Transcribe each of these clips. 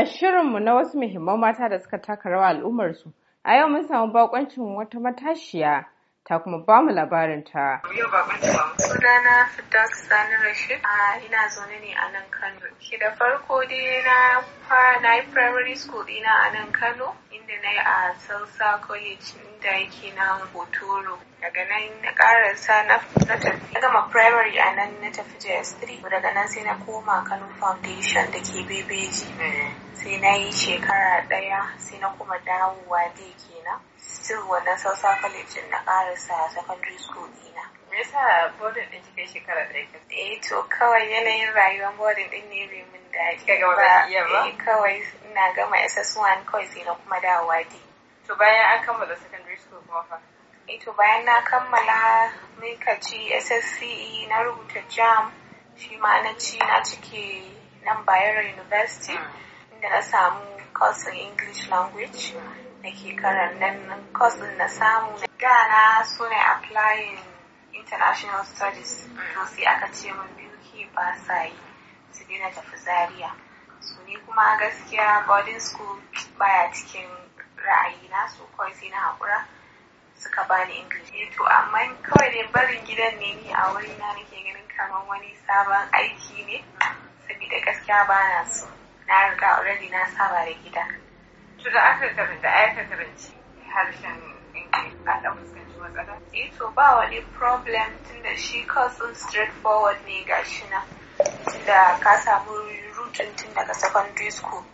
A shirinmu na wasu muhimman mata da suka taka rawa al'ummarsu, a yau mun samu bakoncin wata matashiya ta kuma ba mu labarin ta. Sunana Fidas Sani Rashid, ina zaune ne a nan Kano. Ki da farko dai na na yi primary school dina a nan Kano, inda na yi a Salsa College inda yake na Botoro. Daga nan na karasa na tafi. Na gama primary a nan na tafi JS3. Daga nan sai na koma Kano Foundation da ke Bebeji. Mm. Sai na yi shekara ɗaya sai na kuma dawowa dai kenan. still wannan sassa College na ƙarasa secondary school ɗina. Me yasa boarding ɗin kika shekara ɗaya ka? Eh to kawai yanayin rayuwar boarding ɗin ne bai mun da kika gama ba. Eh kawai ina gama SS1 kawai sai na kuma dawowa dai. To bayan an kammala secondary school kuma fa? Eh to bayan na kammala ka ci SSCE na rubuta jam shi ma na ci na cike nan Bayero University mm. inda na samu course in English language. Mm. Nake karan nan course din na samu na su ne applying international studies to sai aka ce min biyu ke ba sa yi su daina tafi zaria su ne kuma gaskiya boarding school baya cikin ra'ayi na su kawai sai na haƙura suka bani english eh to amma kawai dai barin gidan ne ni a wuri na nake ganin kamar wani sabon aiki ne sabida gaskiya ba na so na riga already na saba da gida shiga aka karanta aya ka karanci harshen English a ɗan fuskanci matsala. to ba wani problem tunda shi kawai straightforward ne ga shi na. Tunda ka samu rutun tun daga secondary school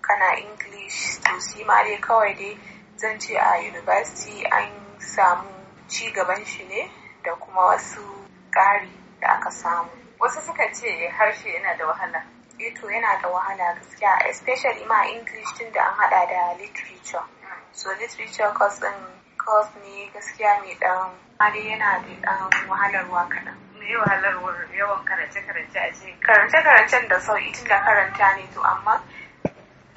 kana English to shi ma dai kawai dai zan ce a university an samu ci gaban shi ne da kuma wasu ƙari da aka samu. Wasu suka ce harshe yana da wahala. Eh to yana da wahala gaskiya especially ma english tun da an hada da literature so literature course din course ne gaskiya mai dan hali yana da dan wahalarwa kaɗan mai wahalarwar yawan karance-karance a cikin karance-karancen da sauki tun da karanta ne to amma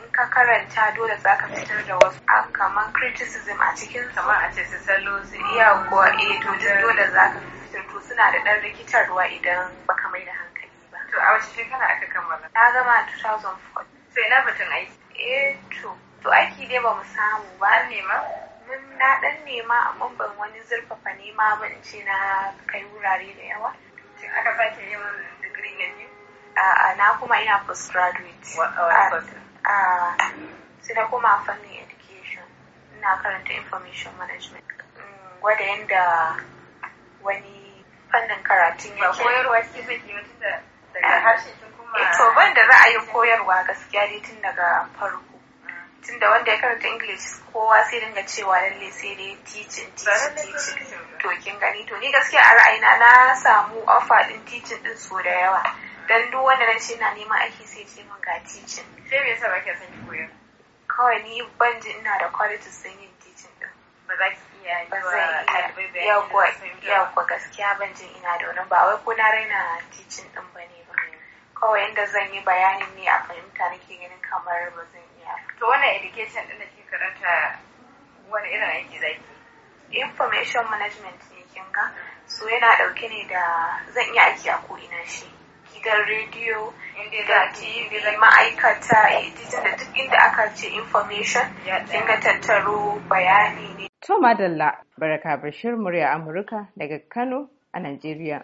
in ka karanta dole za ka fitar da wasu kamar criticism a cikin kamar a ce su su iya kuwa eh to eh, dole za ka fitar to suna da dan rikitarwa idan baka wace shekara aka kammala na gama 2004 sai na batun aiki eh to to aiki dai ba mu samu ba nema mun na dan nema amma ban wani zurfafa nema ba in ce na kai wurare da yawa aka sake neman digiri ne biyu a na kuma ina post graduate a sai na koma fannin education ina karanta information management mm, gwada yadda wani fannin karatun ya koyarwa ce zai yi wata harshe eh, to ban da ra'ayin koyarwa gaskiya dai tun daga farko tun da wanda ya karanta english kowa sai dinga cewa lalle sai dai teaching teaching teaching to kin gani to ni gaskiya a ra'ayina na samu offer din teaching din so da yawa dan duk wanda na ce na neman aiki sai ce min ga teaching sai me yasa ba ke son koyarwa kawai ni ban ji ina da qualities din yin teaching din ba za ki iya yi wa ɗalibai bayani yawwa gaskiya ban jin ina da wani ba wai ko na raina teaching ɗin ba ne ba mm. kawai yadda zan yi bayani ne a fahimta nake ganin kamar ba zan iya to wannan education din da ke karanta wani irin aiki zaki information management ne kin ga so yana ɗauke ne da zan iya aiki a ko'ina shi gidan rediyo da tv ma'aikata editing da duk inda aka ce information kin ga tattaro bayani ne To Madalla, Baraka Bashir murya Amurka daga Kano a Najeriya.